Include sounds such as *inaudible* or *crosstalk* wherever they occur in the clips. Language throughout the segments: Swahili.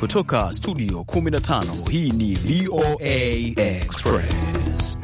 Kutoka studio 15 hii ni VOA Express.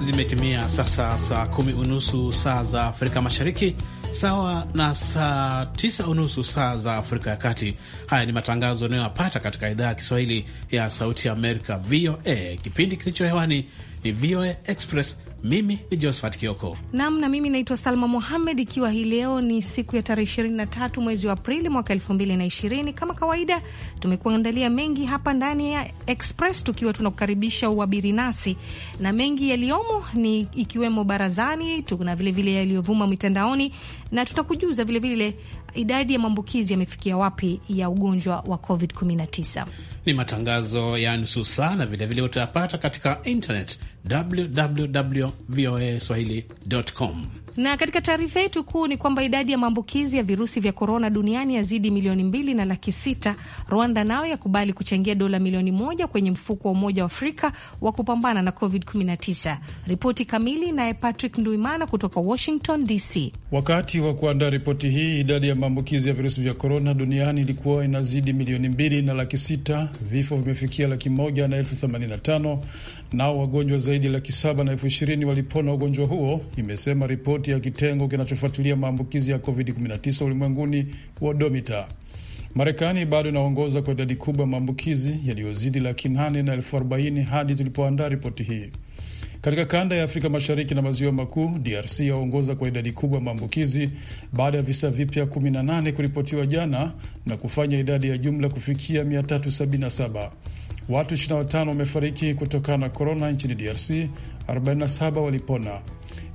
Zimetimia sasa saa kumi unusu saa za Afrika Mashariki, sawa na saa tisa unusu saa za Afrika ya Kati. Haya ni matangazo yanayoyapata katika idhaa ya Kiswahili ya Sauti ya Amerika, VOA. Kipindi kilicho hewani ni VOA Express. Mimi ni Josphat Kioko nam, na mimi naitwa Salma Muhamed, Ikiwa hii leo ni siku ya tarehe 23 mwezi wa Aprili mwaka 2020, kama kawaida tumekuandalia mengi hapa ndani ya Express tukiwa tunakukaribisha uabiri nasi, na mengi yaliyomo ni ikiwemo barazani, tuna vilevile yaliyovuma mitandaoni na tutakujuza vilevile idadi ya maambukizi yamefikia wapi ya ugonjwa wa COVID-19. Ni matangazo ya nusu saa na vilevile utayapata katika internet www.voaswahili.com. Na katika taarifa yetu kuu ni kwamba idadi ya maambukizi ya virusi vya korona duniani yazidi milioni mbili na laki sita. Rwanda nayo yakubali kuchangia dola milioni moja kwenye mfuko wa Umoja wa Afrika wa kupambana na COVID-19. Ripoti kamili naye Patrick Nduimana kutoka Washington DC. Wakati wa kuandaa ripoti hii, idadi ya maambukizi ya virusi vya korona duniani ilikuwa inazidi milioni mbili na laki sita. Vifo vimefikia laki moja na elfu themanini na tano nao wagonjwa zaidi zaidi ya laki saba na elfu ishirini walipona ugonjwa huo, imesema ripoti ya kitengo kinachofuatilia maambukizi ya COVID-19 ulimwenguni, Domita. Marekani bado inaongoza kwa idadi kubwa maambukizi yaliyozidi laki nane na elfu arobaini hadi tulipoandaa ripoti hii. Katika kanda ya Afrika Mashariki na Maziwa Makuu, DRC yaongoza kwa idadi kubwa maambukizi baada ya visa vipya 18 kuripotiwa jana na kufanya idadi ya jumla kufikia 377. Watu 25 wamefariki kutokana na korona nchini DRC, 47 walipona.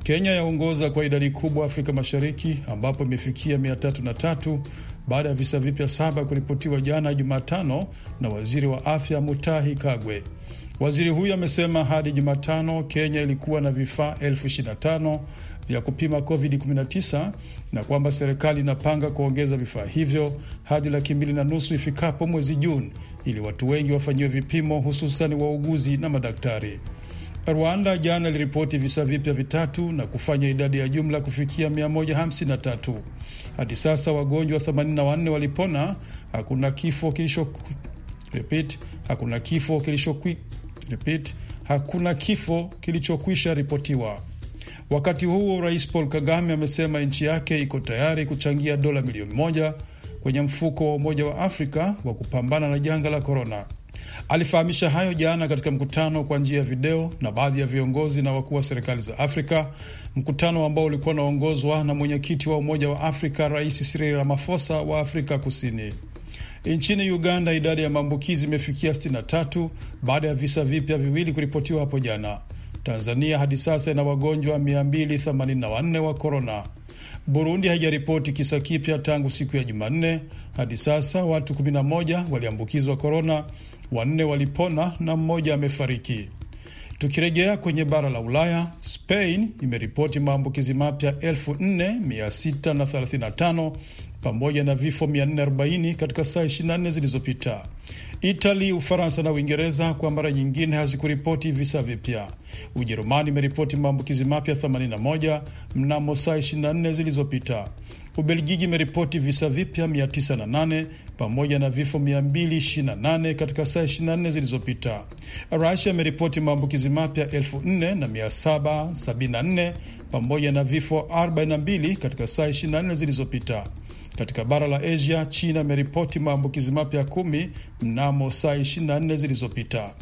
Kenya yaongoza kwa idadi kubwa Afrika Mashariki ambapo imefikia 303 baada ya visa vipya saba kuripotiwa jana Jumatano na waziri wa afya Mutahi Kagwe. Waziri huyo amesema hadi Jumatano Kenya ilikuwa na vifaa elfu vya kupima COVID-19 na kwamba serikali inapanga kuongeza vifaa hivyo hadi laki mbili na nusu ifikapo mwezi Juni ili watu wengi wafanyiwe vipimo, hususan wauguzi na madaktari. Rwanda jana iliripoti visa vipya vitatu na kufanya idadi ya jumla kufikia 153. Hadi sasa wagonjwa 84 walipona. Hakuna kifo kilicho repeat, hakuna kifo kilicho repeat, hakuna kifo kilichokwisha ripotiwa. Wakati huo Rais Paul Kagame amesema nchi yake iko tayari kuchangia dola milioni moja kwenye mfuko wa Umoja wa Afrika wa kupambana na janga la korona. Alifahamisha hayo jana katika mkutano kwa njia ya video na baadhi ya viongozi na wakuu wa serikali za Afrika, mkutano ambao ulikuwa unaongozwa na mwenyekiti wa Umoja wa Afrika Rais Cyril Ramaphosa wa Afrika Kusini. Nchini Uganda, idadi ya maambukizi imefikia 63 baada ya visa vipya viwili kuripotiwa hapo jana. Tanzania hadi sasa ina wagonjwa 284 wa korona. Burundi haijaripoti kisa kipya tangu siku ya Jumanne. Hadi sasa watu 11 waliambukizwa korona, wanne walipona na mmoja amefariki. Tukirejea kwenye bara la Ulaya, Spain imeripoti maambukizi mapya 4635 pamoja na vifo 440 katika saa 24 zilizopita. Itali, Ufaransa na Uingereza kwa mara nyingine hazikuripoti visa vipya. Ujerumani imeripoti maambukizi mapya 81 mnamo saa 24 zilizopita. Ubelgiji imeripoti visa vipya 908 pamoja na vifo 228 katika saa 24 zilizopita. Rusia imeripoti maambukizi mapya 774 pamoja na vifo 42 katika saa 24 zilizopita. Katika bara la Asia, China imeripoti maambukizi mapya kumi mnamo saa 24 zilizopita.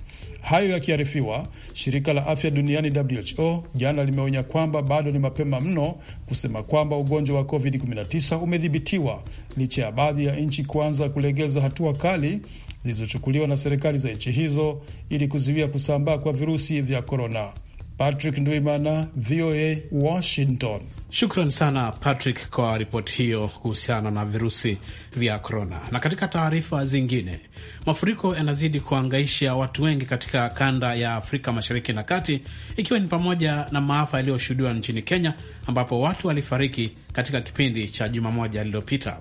Hayo yakiarifiwa, shirika la afya duniani WHO jana limeonya kwamba bado ni mapema mno kusema kwamba ugonjwa wa COVID-19 umedhibitiwa licha ya baadhi ya nchi kuanza kulegeza hatua kali zilizochukuliwa na serikali za nchi hizo ili kuzuia kusambaa kwa virusi vya korona. Patrick Ndwimana, VOA Washington. Shukran sana Patrick kwa ripoti hiyo kuhusiana na virusi vya korona. Na katika taarifa zingine, mafuriko yanazidi kuangaisha watu wengi katika kanda ya Afrika Mashariki na Kati, ikiwa ni pamoja na maafa yaliyoshuhudiwa nchini Kenya ambapo watu walifariki katika kipindi cha juma moja lililopita.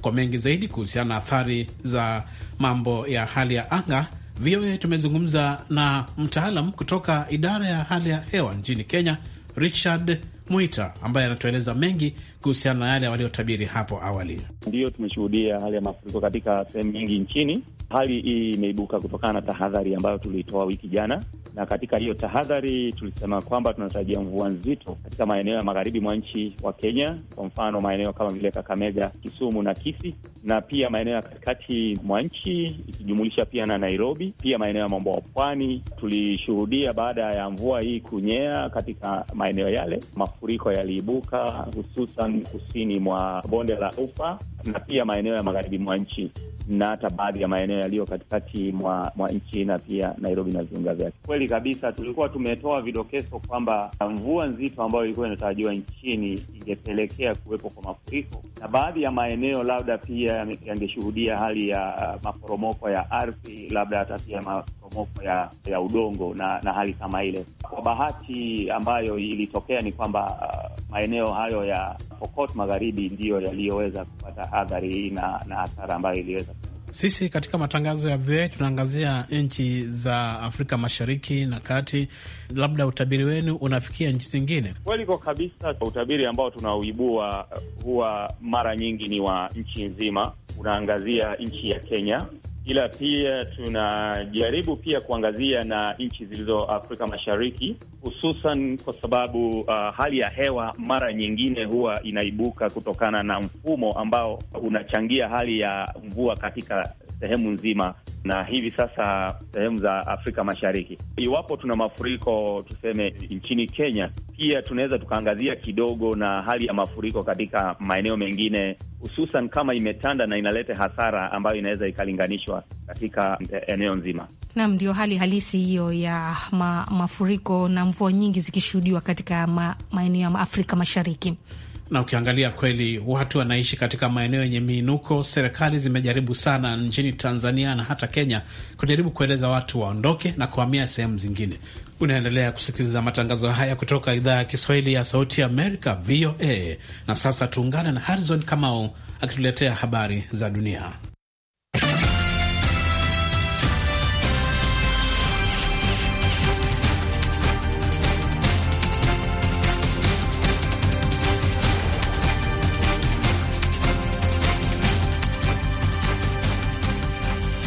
Kwa mengi zaidi kuhusiana na athari za mambo ya hali ya anga VOA tumezungumza na mtaalam kutoka idara ya hali ya hewa nchini Kenya, Richard Mwita ambaye anatueleza mengi kuhusiana na yale waliotabiri hapo awali. Ndiyo, tumeshuhudia hali ya mafuriko katika sehemu nyingi nchini. Hali hii imeibuka kutokana na tahadhari ambayo tulitoa wiki jana, na katika hiyo tahadhari tulisema kwamba tunatarajia mvua nzito katika maeneo ya magharibi mwa nchi wa Kenya, kwa mfano maeneo kama vile Kakamega, Kisumu na Kisi, na pia maeneo ya katikati mwa nchi ikijumulisha pia na Nairobi, pia maeneo ya mambo ya pwani. Tulishuhudia baada ya mvua hii kunyea katika maeneo yale mafuriko yaliibuka hususan kusini mwa bonde la Ufa na pia maeneo ya magharibi mwa nchi na hata baadhi ya maeneo yaliyo katikati mwa, mwa nchi na pia Nairobi na viunga vyake. Kweli kabisa, tulikuwa tumetoa vidokezo kwamba mvua nzito ambayo ilikuwa inatarajiwa nchini ingepelekea kuwepo kwa mafuriko, na baadhi ya maeneo labda pia yangeshuhudia hali ya maporomoko ya ardhi, labda hata pia maporomoko ya, ya udongo na, na hali kama ile. Kwa bahati ambayo ilitokea ni kwamba uh, maeneo hayo ya Pokot Magharibi ndiyo yaliyoweza kupata athari na, na hasara ambayo iliweza sisi katika matangazo ya VOA tunaangazia nchi za Afrika Mashariki na Kati, labda utabiri wenu unafikia nchi zingine? Kweli kwa kabisa, utabiri ambao tunauibua eh, huwa mara nyingi ni wa nchi nzima, unaangazia nchi ya Kenya, ila pia tunajaribu pia kuangazia na nchi zilizo Afrika Mashariki, hususan kwa sababu uh, hali ya hewa mara nyingine huwa inaibuka kutokana na mfumo ambao unachangia hali ya mvua katika sehemu nzima, na hivi sasa sehemu za Afrika Mashariki. Iwapo tuna mafuriko tuseme nchini Kenya, pia tunaweza tukaangazia kidogo na hali ya mafuriko katika maeneo mengine, hususan kama imetanda na inaleta hasara ambayo inaweza ikalinganishwa katika eh, eneo nzima. Naam, ndio hali halisi hiyo ya ma, mafuriko na mvua nyingi zikishuhudiwa katika ma, maeneo ya Afrika Mashariki na ukiangalia kweli watu wanaishi katika maeneo yenye miinuko. Serikali zimejaribu sana nchini Tanzania na hata Kenya kujaribu kueleza watu waondoke na kuhamia sehemu zingine. Unaendelea kusikiliza matangazo haya kutoka idhaa ya Kiswahili ya Sauti ya Amerika, VOA. Na sasa tuungane na Harrison Kamau akituletea habari za dunia.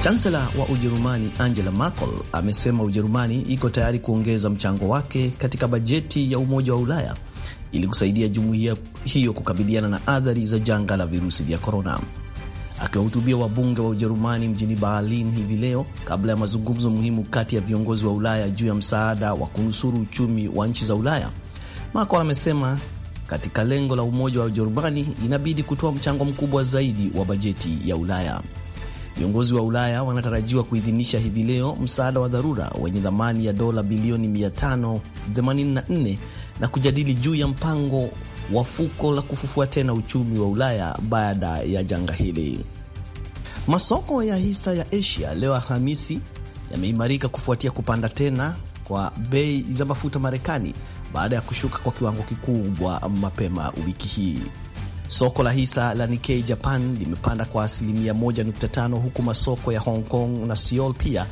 Chansela wa Ujerumani Angela Merkel amesema Ujerumani iko tayari kuongeza mchango wake katika bajeti ya Umoja wa Ulaya ili kusaidia jumuiya hiyo kukabiliana na athari za janga la virusi vya korona. Akiwahutubia wabunge wa Ujerumani mjini Berlin hivi leo kabla ya mazungumzo muhimu kati ya viongozi wa Ulaya juu ya msaada wa kunusuru uchumi wa nchi za Ulaya, Merkel amesema katika lengo la umoja wa Ujerumani inabidi kutoa mchango mkubwa zaidi wa bajeti ya Ulaya. Viongozi wa Ulaya wanatarajiwa kuidhinisha hivi leo msaada wa dharura wenye thamani ya dola bilioni 584 na kujadili juu ya mpango wa fuko la kufufua tena uchumi wa Ulaya baada ya janga hili. Masoko ya hisa ya Asia leo Alhamisi yameimarika kufuatia kupanda tena kwa bei za mafuta Marekani baada ya kushuka kwa kiwango kikubwa mapema wiki hii. Soko la hisa la Nikkei Japan limepanda kwa asilimia 1.5 huku masoko ya Hong Kong na Seoul pia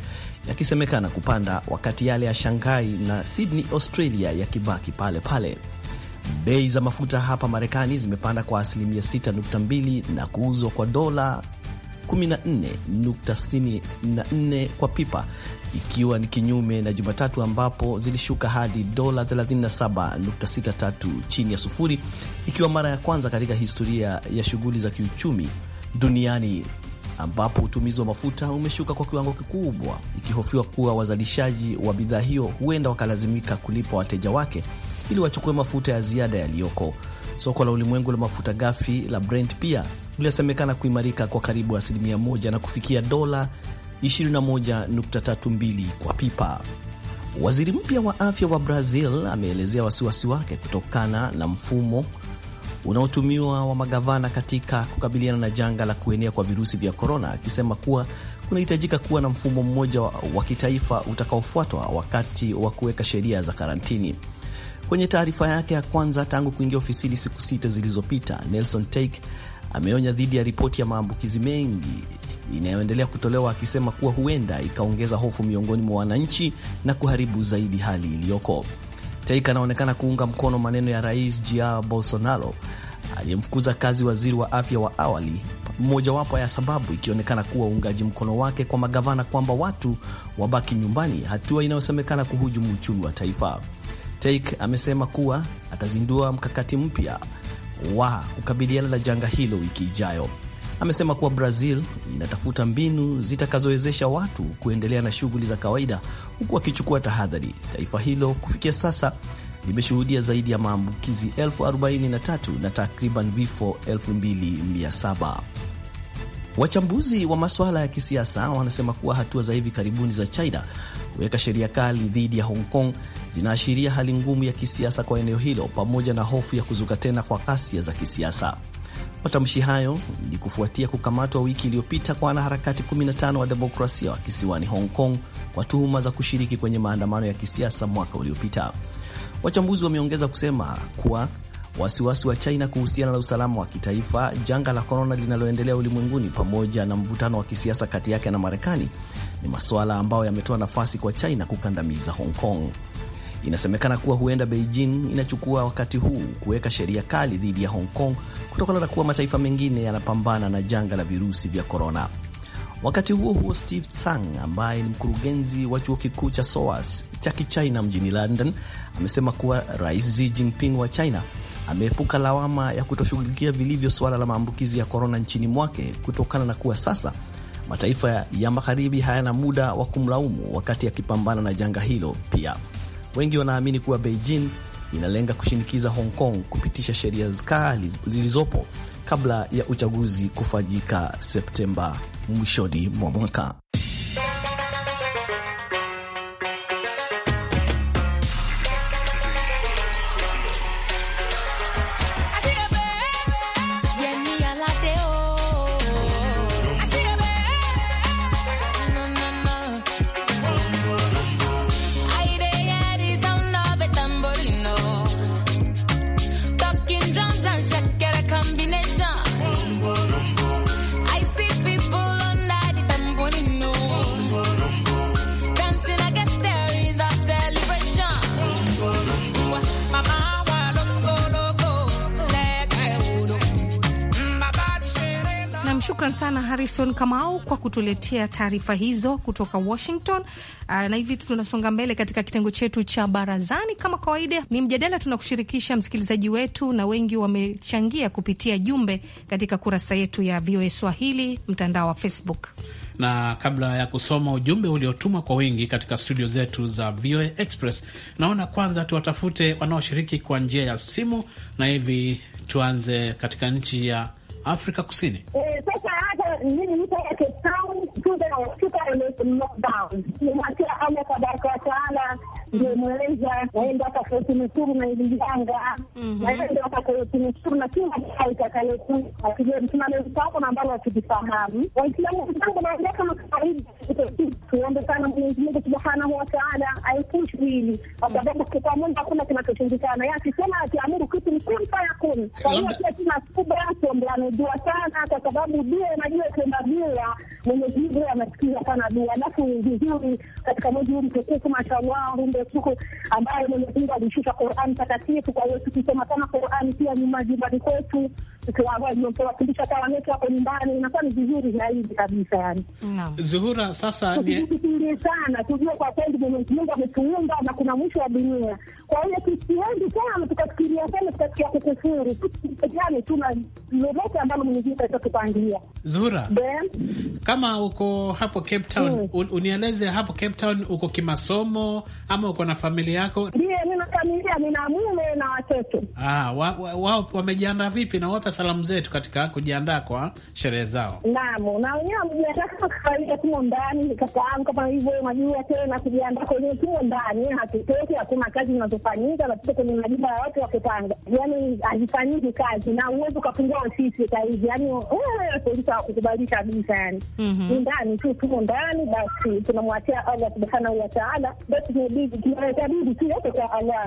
yakisemekana kupanda, wakati yale ya Shanghai na Sydney Australia yakibaki pale pale. Bei za mafuta hapa Marekani zimepanda kwa asilimia 6.2 na kuuzwa kwa dola 14.64 kwa pipa, ikiwa ni kinyume na Jumatatu ambapo zilishuka hadi dola 37.63 chini ya sufuri, ikiwa mara ya kwanza katika historia ya shughuli za kiuchumi duniani ambapo utumizi wa mafuta umeshuka kwa kiwango kikubwa, ikihofiwa kuwa wazalishaji wa bidhaa hiyo huenda wakalazimika kulipa wateja wake ili wachukue mafuta ya ziada yaliyoko. Soko la ulimwengu la mafuta ghafi la Brent pia linasemekana kuimarika kwa karibu asilimia moja na kufikia dola 21.32 kwa pipa. Waziri mpya wa afya wa Brazil ameelezea wasiwasi wake kutokana na mfumo unaotumiwa wa magavana katika kukabiliana na janga la kuenea kwa virusi vya korona, akisema kuwa kunahitajika kuwa na mfumo mmoja wa kitaifa utakaofuatwa wakati wa kuweka sheria za karantini. Kwenye taarifa yake ya kwanza tangu kuingia ofisini siku sita zilizopita, Nelson Teik ameonya dhidi ya ripoti ya maambukizi mengi inayoendelea kutolewa, akisema kuwa huenda ikaongeza hofu miongoni mwa wananchi na kuharibu zaidi hali iliyoko. Taika anaonekana kuunga mkono maneno ya Rais Jair Bolsonaro aliyemfukuza kazi waziri wa afya wa awali, mmojawapo ya sababu ikionekana kuwa uungaji mkono wake kwa magavana kwamba watu wabaki nyumbani, hatua inayosemekana kuhujumu uchumi wa taifa. Taik amesema kuwa atazindua mkakati mpya wa kukabiliana na janga hilo wiki ijayo. Amesema kuwa Brazil inatafuta mbinu zitakazowezesha watu kuendelea na shughuli za kawaida huku wakichukua tahadhari. Taifa hilo kufikia sasa limeshuhudia zaidi ya maambukizi elfu 43 na takriban vifo 2700. Wachambuzi wa masuala ya kisiasa wanasema kuwa hatua za hivi karibuni za China kuweka sheria kali dhidi ya Hong Kong zinaashiria hali ngumu ya kisiasa kwa eneo hilo pamoja na hofu ya kuzuka tena kwa ghasia za kisiasa. Matamshi hayo ni kufuatia kukamatwa wiki iliyopita kwa wanaharakati 15 wa demokrasia wa kisiwani Hong Kong kwa tuhuma za kushiriki kwenye maandamano ya kisiasa mwaka uliopita. Wachambuzi wameongeza kusema kuwa wasiwasi wa China kuhusiana na usalama wa kitaifa, janga la korona linaloendelea ulimwenguni, pamoja na mvutano wa kisiasa kati yake na Marekani ni masuala ambayo yametoa nafasi kwa China kukandamiza Hong Kong. Inasemekana kuwa huenda Beijing inachukua wakati huu kuweka sheria kali dhidi ya Hong Kong kutokana na kuwa mataifa mengine yanapambana na janga la virusi vya korona. Wakati huo huo, Steve Tsang ambaye ni mkurugenzi wa chuo kikuu cha SOAS cha Kichina mjini London amesema kuwa Rais Xi Jinping wa China ameepuka lawama ya kutoshughulikia vilivyo suala la maambukizi ya korona nchini mwake kutokana na kuwa sasa mataifa ya magharibi hayana muda wa kumlaumu wakati akipambana na janga hilo. Pia wengi wanaamini kuwa Beijing inalenga kushinikiza Hong Kong kupitisha sheria kali zilizopo kabla ya uchaguzi kufanyika Septemba mwishoni mwa mwaka. sana Harrison Kamau kwa kutuletea taarifa hizo kutoka Washington. Aa, ah, na hivi tu tunasonga mbele katika kitengo chetu cha barazani. Kama kawaida, ni mjadala tunakushirikisha msikilizaji wetu, na wengi wamechangia kupitia jumbe katika kurasa yetu ya VOA Swahili mtandao wa Facebook. Na kabla ya kusoma ujumbe uliotumwa kwa wingi katika studio zetu za VOA Express, naona kwanza tuwatafute wanaoshiriki kwa njia ya simu, na hivi tuanze katika nchi ya Afrika Kusini. E, sasa nini mtu aweke town to the to the lockdown ni hakika Allah tabaraka wa taala ndio mweleza waenda watakaotunusuru na ilijanga mhm. waende watakaotunusuru na kila jaa itakalokuakisimamezitako na ambalo wakivifahamu Waislamu wenzangu, naongea kama kawaida, tuombe sana Mwenyezi Mungu subhanahu wa taala hili, kwa sababu kwa Mungu hakuna kinachoshindikana. Yeye akiamuru kitu ni kun fayakun. Kwa hiyo pia tuna subra, tuombeane dua sana, kwa sababu dua, unajua ukiomba dua Mwenyezi Mungu anasikiza sana dua. Alafu vizuri katika mwezi huu mtukufu, mashallah, siku ambayo Mwenyezi Mungu alishusha Qur'an takatifu. Kwa hiyo tukisoma sana Qur'an pia ni majumbani kwetu ukiwafundisha kwa wako nyumbani inakuwa ni vizuri zaidi kabisa. Yani Zuhura, sasa sana, tujue kwa kweli Mwenyezi Mungu ametuumba na kuna mwisho wa dunia. Kwa hiyo sana tukafikiria sana tukafikia kukufuru, tuna lolote ambalo Mwenyezi Mungu Zuhura, kama uko hapo Cape Town, mm. unieleze hapo Cape Town uko kimasomo ama uko na familia yako? Ndiyo nina familia, nina mume na watoto. Ah, wao wamejiandaa wa, wa vipi? Na wape salamu zetu katika kujiandaa kwa sherehe zao. Naam, na wenyewe wamejiandaa kama kawaida, tumo ndani kakaangu, kama hivyo majua tena kujiandaa kwenyewe, tumo ndani, hatutoki, hakuna kazi zinazofanyika, na natuto kwenye majumba ya watu wakipanga, yaani hazifanyiki kazi na uwezi ukafungua ofisi sahizi, yaani polisi hawakukubali kabisa, yani mhm. ni ndani tu, tumo ndani basi, tunamwachia Allah subhanahu wa taala, basi tunabidi tunaweza bidi tu yote kwa ala.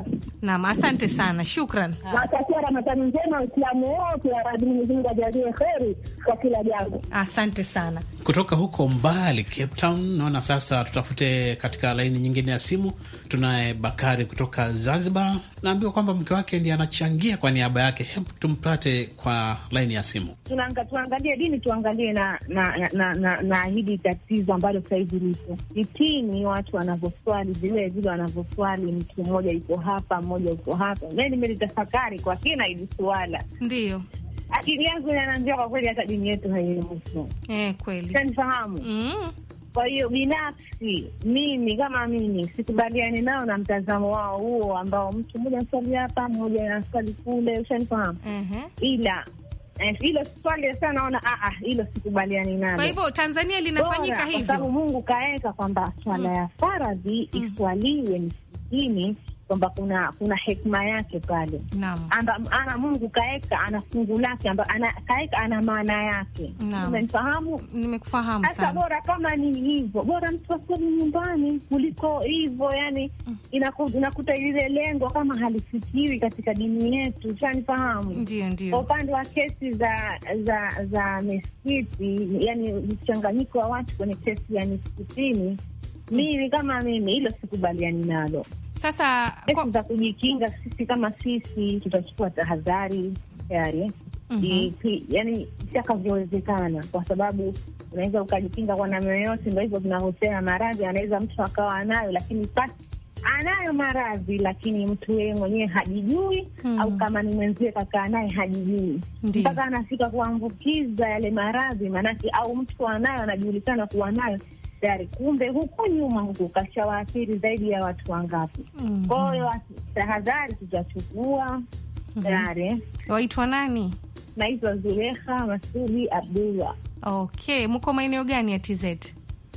Naam, asante sana, shukran. Ah. Natakia Ramadhani njema Waislamu wote, Arabi Mungu ajalie kheri kwa kila jambo. Asante sana. Kutoka huko mbali Cape Town, naona sasa tutafute katika laini nyingine ya simu. Tunaye Bakari kutoka Zanzibar, naambiwa kwamba mke wake ndiye anachangia kwa niaba yake. Hebu tumpate kwa laini ya simu. Tunaanga, tuangalie dini, tuangalie na na na, na, na, na hili tatizo ambalo sahizi lipo itini, watu wanavyoswali vile vile wanavyoswali mtu mmoja yuko hapa, mmoja yuko hapa. Mi nimelitafakari kwa kina hili suala, ndio akili yangu inaniambia kwa kweli hata dini yetu hairuhusu eh, kweli sanifahamu mm. Kwa hiyo binafsi mimi kama mimi sikubaliani nao na mtazamo wao huo ambao mtu mmoja anaswali hapa, mmoja anaswali kule, ushanifahamu uh-huh. ila eh, hilo swali sasa naona a ah, a ah, hilo sikubaliani nalo. Kwa hivyo Tanzania linafanyika hivyo, kwa sababu Mungu kaweka kwamba swala mm. ya faradhi mm. iswaliwe msikitini kwamba kuna kuna hekima yake pale amba, ana Mungu kaeka ana fungu lake amba, ana, kaeka ana maana yake. Umenifahamu? Nimekufahamu sana. Sasa bora kama ni hivyo, bora mtu asome nyumbani kuliko hivyo, yani mm. inaku, inakuta ile lengo kama halifikiwi katika dini yetu. Shanifahamu? Ndio, ndio. Kwa upande wa kesi za za za misikiti, yani mchanganyiko wa watu kwenye kesi ya misikitini, mm. mimi kama mimi hilo sikubaliani nalo. Sasa za kujikinga sisi kama sisi tutachukua tahadhari tayari mhm. yaani vitakavyowezekana, kwa sababu unaweza ukajikinga kwa namna yoyote. Ndo hivyo vinahusiana maradhi, anaweza mtu akawa anayo lakini pasi anayo maradhi lakini mtu yeye mwenyewe hajijui, hmm. au kama ni mwenzie kakaa naye hajijui mpaka anafika kuambukiza yale maradhi, maanake au mtu anayo anajulikana kuwa nayo tayari. kumbe huku nyuma huku kashawaathiri zaidi ya watu wangapi? mm -hmm. tahadhari tujachukua mhm. tayari. mm -hmm. Waitwa nani? Naitwa zuleha Masudi Abdullah. Okay, mko maeneo gani ya TZ?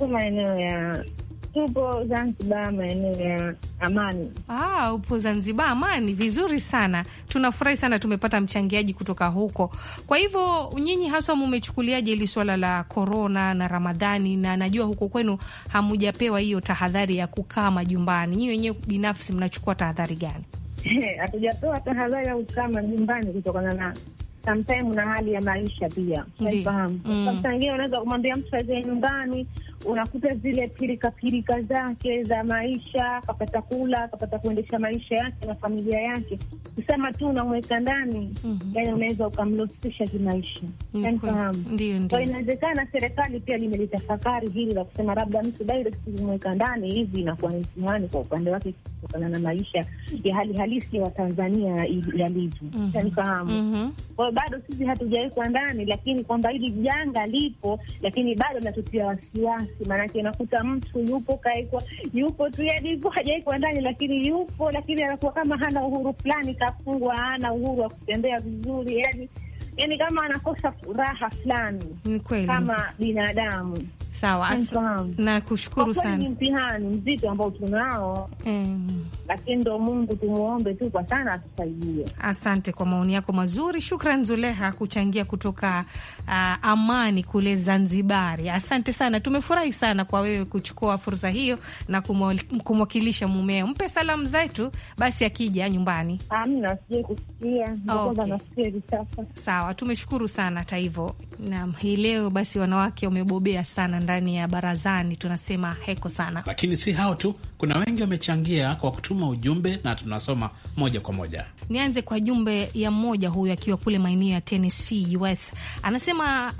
Maeneo ya Tupo Zanzibar maeneo ya Amani. Ah, upo Zanzibar Amani, vizuri sana. Tunafurahi sana tumepata mchangiaji kutoka huko. Kwa hivyo nyinyi haswa mumechukuliaje ili swala la korona na Ramadhani, na najua huko kwenu hamujapewa hiyo tahadhari ya kukaa majumbani, nyinyi wenyewe binafsi mnachukua tahadhari gani? Hatujapewa tahadhari ya kukaa majumbani kutokana na samtaimu na hali ya maisha pia, mm. unaweza kumwambia mtu aze nyumbani unakuta zile pirikapirika zake za maisha, akapata kula, akapata kuendesha maisha yake na familia yake, kusema tu unamweka ndani mm -hmm. Yani unaweza ukamlosisha kimaisha, fahamu. Kwa inawezekana serikali pia limelitafakari hili la kusema labda mtu direct kumweka ndani hivi inakuwa mtihani kwa upande wake kutokana na maisha ya hali halisi ya Watanzania yalivyo, mhm. fahamu. mm -hmm. Kwa bado sisi hatujawekwa ndani, lakini kwamba hili janga lipo, lakini bado natutia wasiwasi binafsi, maanake unakuta mtu yupo kaekwa, yupo tu yani yupo hajaekwa ndani, lakini yupo, lakini anakuwa kama hana uhuru fulani, kafungwa, hana uhuru wa kutembea vizuri, yani yani kama anakosa furaha fulani kama binadamu. Sawa, nakushukuru sana. Ni mtihani mzito ambao tunao mm, lakini ndo Mungu tumuombe tu kwa sana atusaidie. Asante kwa maoni yako mazuri, shukran Zuleha kuchangia kutoka uh, Amani kule Zanzibari. Asante sana, tumefurahi sana kwa wewe kuchukua fursa hiyo na kumwakilisha mumeo. Mpe salamu zetu basi akija nyumbani. Amna, sijui kusikia okay. Nasikia sasa. Sawa, tumeshukuru sana hata hivyo. Naam, hii leo basi wanawake wamebobea sana ndani ya barazani tunasema heko sana. Lakini si hao tu, kuna wengi wamechangia kwa kutuma ujumbe na tunasoma moja kwa moja. Nianze kwa jumbe ya mmoja huyu akiwa kule maeneo ya Tennessee US, anasema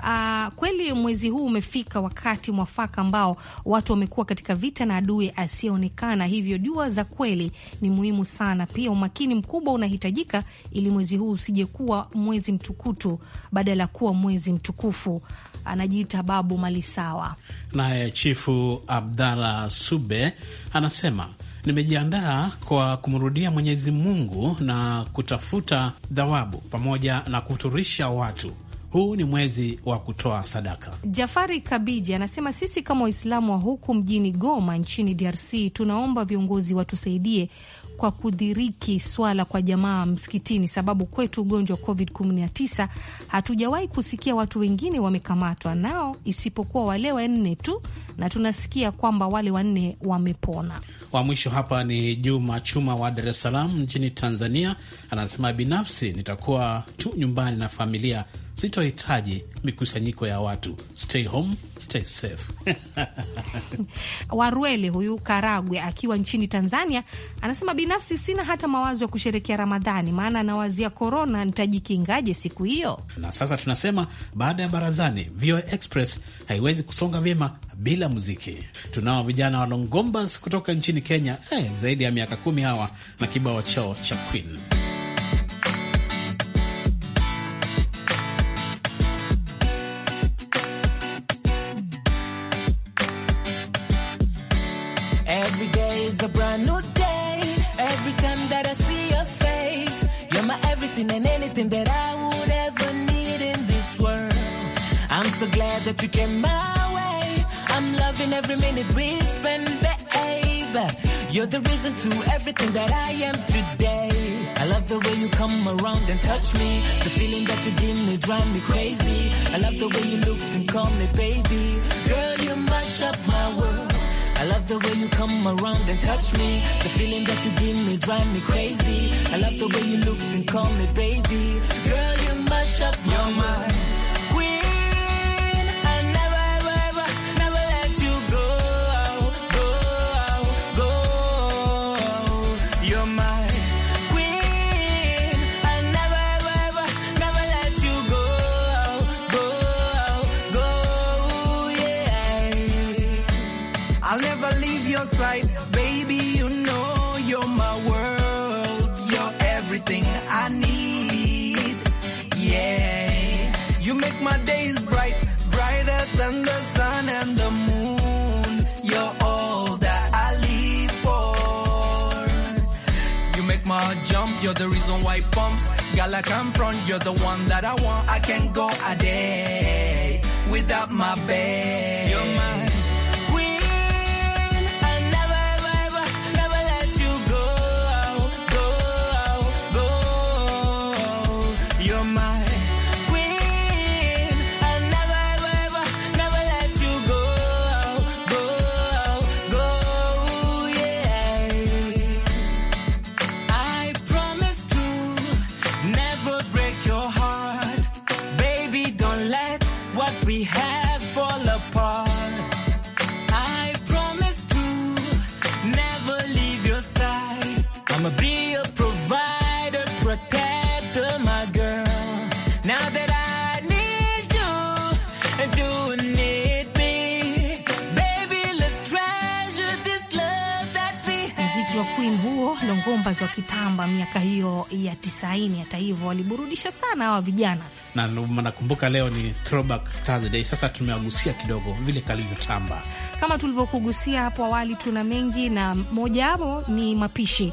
uh, kweli mwezi huu umefika wakati mwafaka ambao watu wamekuwa katika vita na adui asiyeonekana, hivyo jua za kweli ni muhimu sana. Pia umakini mkubwa unahitajika ili mwezi huu usije kuwa mwezi mtukutu badala ya kuwa mwezi mtukufu. Anajiita Babu mali sawa Naye Chifu Abdalla Sube anasema nimejiandaa kwa kumrudia Mwenyezi Mungu na kutafuta dhawabu pamoja na kuturisha watu. Huu ni mwezi wa kutoa sadaka. Jafari Kabiji anasema sisi kama Waislamu wa huku mjini Goma nchini DRC tunaomba viongozi watusaidie kwa kudhiriki swala kwa jamaa msikitini, sababu kwetu ugonjwa wa COVID-19 hatujawahi kusikia watu wengine wamekamatwa nao isipokuwa wale wanne tu, na tunasikia kwamba wale wanne wamepona. Wa mwisho hapa ni Juma Chuma wa Dar es Salaam nchini Tanzania, anasema binafsi, nitakuwa tu nyumbani na familia, sitohitaji mikusanyiko ya watu stay home, stay safe. *laughs* Warwele huyu Karagwe akiwa nchini Tanzania anasema binafsi sina hata mawazo ya kusherekea Ramadhani, maana anawazia korona, nitajikingaje siku hiyo? Na sasa tunasema baada ya barazani, VOA Express haiwezi kusonga vyema bila muziki. Tunao vijana wa Longombas kutoka nchini Kenya, eh, zaidi ya miaka kumi hawa na kibao chao cha Queen. glad that you came my way. I'm loving every minute we spend, babe. You're the reason to everything that I am today. I love the way you come around and touch me. The feeling that you give me drive me crazy. I love the way you look and call me baby. Girl, you mash up my world. I love the way you come around and touch me. The feeling that you give me drive me crazy. I love the way you look and call me baby. Girl, you mash up my world. You're the reason why pumps, gal, I come from. You're the one that I want. I can't go a day without my babe. You're my Mziki wa huo Longombas wa kitamba miaka hiyo ya tisaini. Hata hivyo waliburudisha sana hawa vijana, na nakumbuka leo ni throwback Thursday. Sasa tumewagusia kidogo vile kalivyotamba, kama tulivyokugusia hapo awali, tuna mengi na mojawapo ni mapishi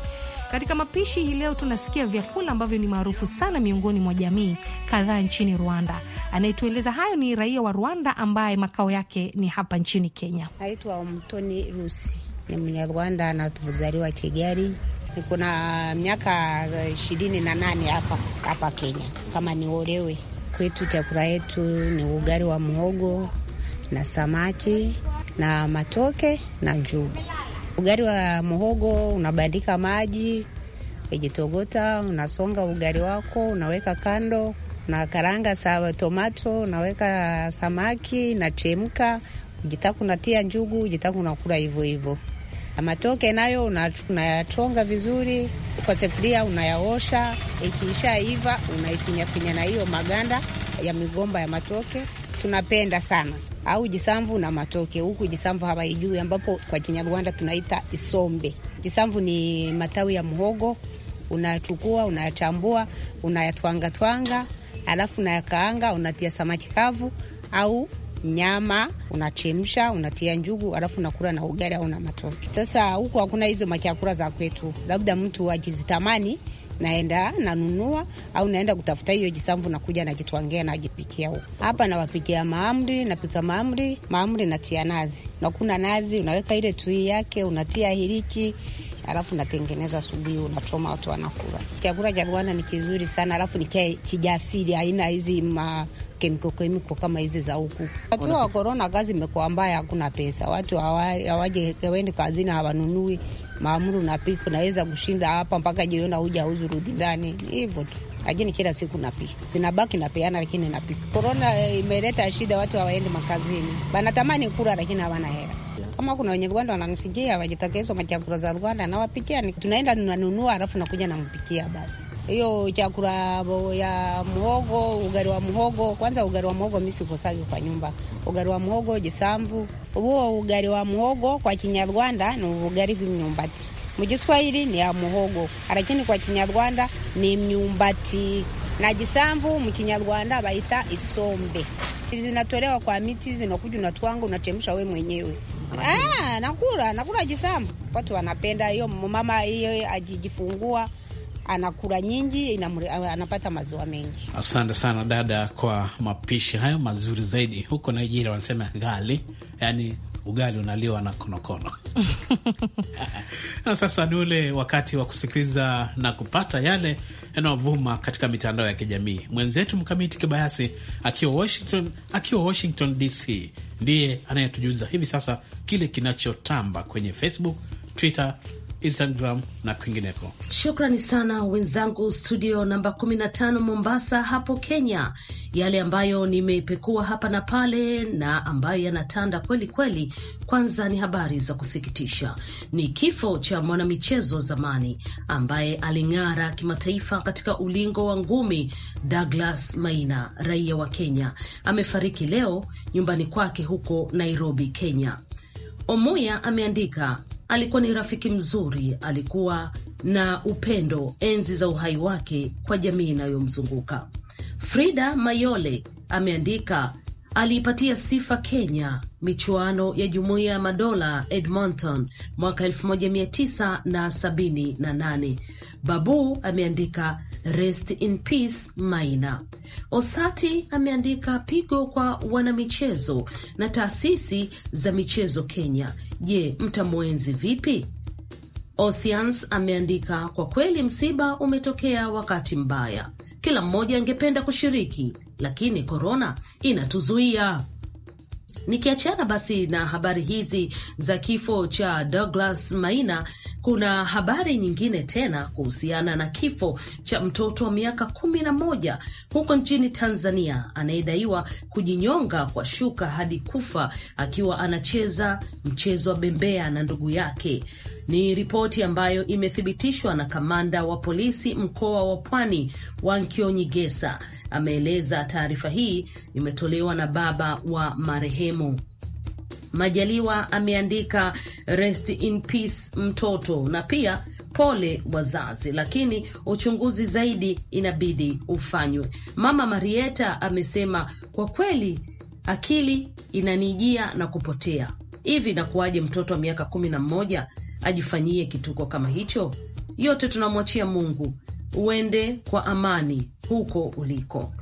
katika mapishi hii leo tunasikia vyakula ambavyo ni maarufu sana miongoni mwa jamii kadhaa nchini Rwanda. Anayetueleza hayo ni raia wa Rwanda ambaye makao yake ni hapa nchini Kenya. Naitwa Mtoni Rusi, ni Mnyarwanda anazaliwa Kigali. Niko na miaka ishirini na nane hapa hapa Kenya kama ni olewe Kwetu chakula yetu ni ugali wa mhogo na samaki na matoke na njugu. Ugari wa muhogo unabandika maji, ijitogota unasonga ugari wako, unaweka kando nakaranga sawa tomato, unaweka samaki nachemka, ujitaka unatia njugu, ujitaka unakula hivyo hivyo. Matoke nayo unayatonga vizuri kwa sefuria, unayaosha. Ikiishaiva unaifinyafinya na hiyo maganda ya migomba ya matoke, tunapenda sana au jisamvu na matoke. Huku jisamvu hawaijui, ambapo kwa Kinyarwanda tunaita isombe. Jisamvu ni matawi ya mhogo, unayachukua, unayachambua, unayatwangatwanga, alafu unayakaanga, unatia samaki kavu au nyama unachemsha, unatia njugu, alafu unakula na ugali au na matoke. Sasa huku hakuna hizo machakura za kwetu, labda mtu ajizitamani naenda nanunua, au naenda kutafuta hiyo jisamvu, nakuja najitwangia, najipikia huko. Hapa nawapikia maamri, napika maamri, maamri natia nazi, nakuna nazi, unaweka ile tui yake, unatia hiriki alafu natengeneza subuhi, unachoma, watu wanakula. Chakula cha Rwanda ni kizuri sana, alafu ni kijasiri, haina hizi makemiko kemiko kama hizi za huku. Wakiwa wa korona, kazi imekuwa mbaya, hakuna pesa, watu hawaje, hawaendi kazini, hawanunui maamuru napika, unaweza kushinda hapa mpaka jiona uja rudi ndani hivyo tu lakini kila siku napika, zinabaki napeana, lakini napika. Korona eh, imeleta shida, watu hawaendi makazini, wanatamani kula, lakini hawana hela. Kama kuna wenye Rwanda wananisikia wajitokeze, machakula za Rwanda nawapikia, tunaenda nanunua, alafu nakuja nampikia. Basi hiyo chakula ya mhogo, ugali wa mhogo, Kwanza ugali wa mhogo mimi sikosagi kwa nyumba, ugali wa mhogo jisambu. Huo ugali wa mhogo kwa Kinyarwanda ni ugali w'imyumbati, mjiswahili ni ya mhogo, lakini kwa Kinyarwanda ni myumbati na jisambu mkinyarwanda baita isombe. Zinatolewa kwa miti, zinakuja na twangu unatemsha we mwenyewe. Ah, nakula nakula jisambu, watu wanapenda hiyo. Mama hiyo ajijifungua anakula nyingi, inamri, anapata maziwa mengi. Asante sana dada kwa mapishi hayo mazuri zaidi. Huko Nigeria wanasema gali, yani ugali unaliwa na konokono *laughs* na sasa ni ule wakati wa kusikiliza na kupata yale yanayovuma katika mitandao ya kijamii. Mwenzetu Mkamiti Kibayasi akiwa Washington, akiwa Washington DC ndiye anayetujuza hivi sasa kile kinachotamba kwenye Facebook, Twitter Instagram na kwingineko. Shukrani sana wenzangu studio namba 15 Mombasa hapo Kenya, yale ambayo nimepekua hapa na pale na ambayo yanatanda kweli kweli. Kwanza ni habari za kusikitisha, ni kifo cha mwanamichezo zamani ambaye aling'ara kimataifa katika ulingo wa ngumi, Douglas Maina, raia wa Kenya, amefariki leo nyumbani kwake huko Nairobi, Kenya. Omuya ameandika alikuwa ni rafiki mzuri, alikuwa na upendo enzi za uhai wake kwa jamii inayomzunguka. Frida Mayole ameandika, aliipatia sifa Kenya michuano ya Jumuiya ya Madola Edmonton mwaka 1978 Babu ameandika Rest in peace Maina. Osati ameandika pigo kwa wanamichezo na taasisi za michezo Kenya. Je, mtamwenzi vipi? Osians ameandika kwa kweli, msiba umetokea wakati mbaya, kila mmoja angependa kushiriki, lakini korona inatuzuia. Nikiachana basi na habari hizi za kifo cha Douglas Maina, kuna habari nyingine tena kuhusiana na kifo cha mtoto wa miaka kumi na moja huko nchini Tanzania anayedaiwa kujinyonga kwa shuka hadi kufa akiwa anacheza mchezo wa bembea na ndugu yake. Ni ripoti ambayo imethibitishwa na kamanda wa polisi mkoa wa Pwani Wankio Nyigesa ameeleza. Taarifa hii imetolewa na baba wa marehemu. Majaliwa ameandika rest in peace mtoto, na pia pole wazazi, lakini uchunguzi zaidi inabidi ufanywe. Mama Marieta amesema kwa kweli akili inanijia na kupotea hivi. Nakuwaje mtoto wa miaka kumi na mmoja ajifanyie kituko kama hicho? Yote tunamwachia Mungu, uende kwa amani huko uliko.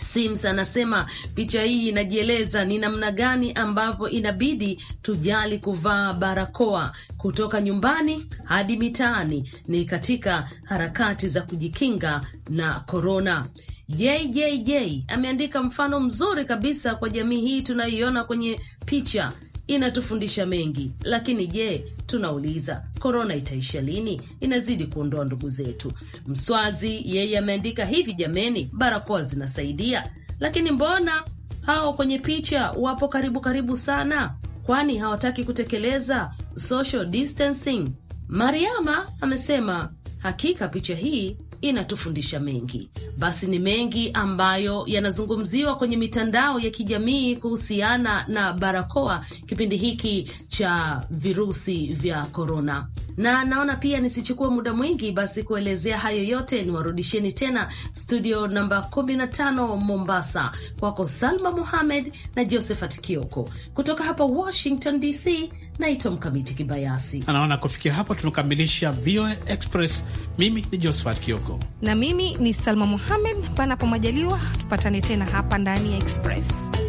Sims anasema picha hii inajieleza ni namna gani ambavyo inabidi tujali kuvaa barakoa kutoka nyumbani hadi mitaani, ni katika harakati za kujikinga na korona. JJJ ameandika mfano mzuri kabisa kwa jamii hii tunayoiona kwenye picha inatufundisha mengi, lakini je, tunauliza korona itaisha lini? Inazidi kuondoa ndugu zetu. Mswazi yeye ameandika hivi, jameni, barakoa zinasaidia, lakini mbona hao kwenye picha wapo karibu karibu sana? Kwani hawataki kutekeleza social distancing? Mariama amesema hakika picha hii inatufundisha mengi. Basi ni mengi ambayo yanazungumziwa kwenye mitandao ya kijamii kuhusiana na barakoa kipindi hiki cha virusi vya korona, na naona pia nisichukue muda mwingi basi kuelezea hayo yote. Niwarudisheni tena studio namba 15 Mombasa, kwako Salma Mohamed na Josephat Kioko kutoka hapa Washington DC. Naitwa Mkamiti Kibayasi. Anaona kufikia hapo tunakamilisha VOA Express. Mimi ni Josephat Kioko na mimi ni Salma Muhamed. Panapo majaliwa, tupatane tena hapa ndani ya Express.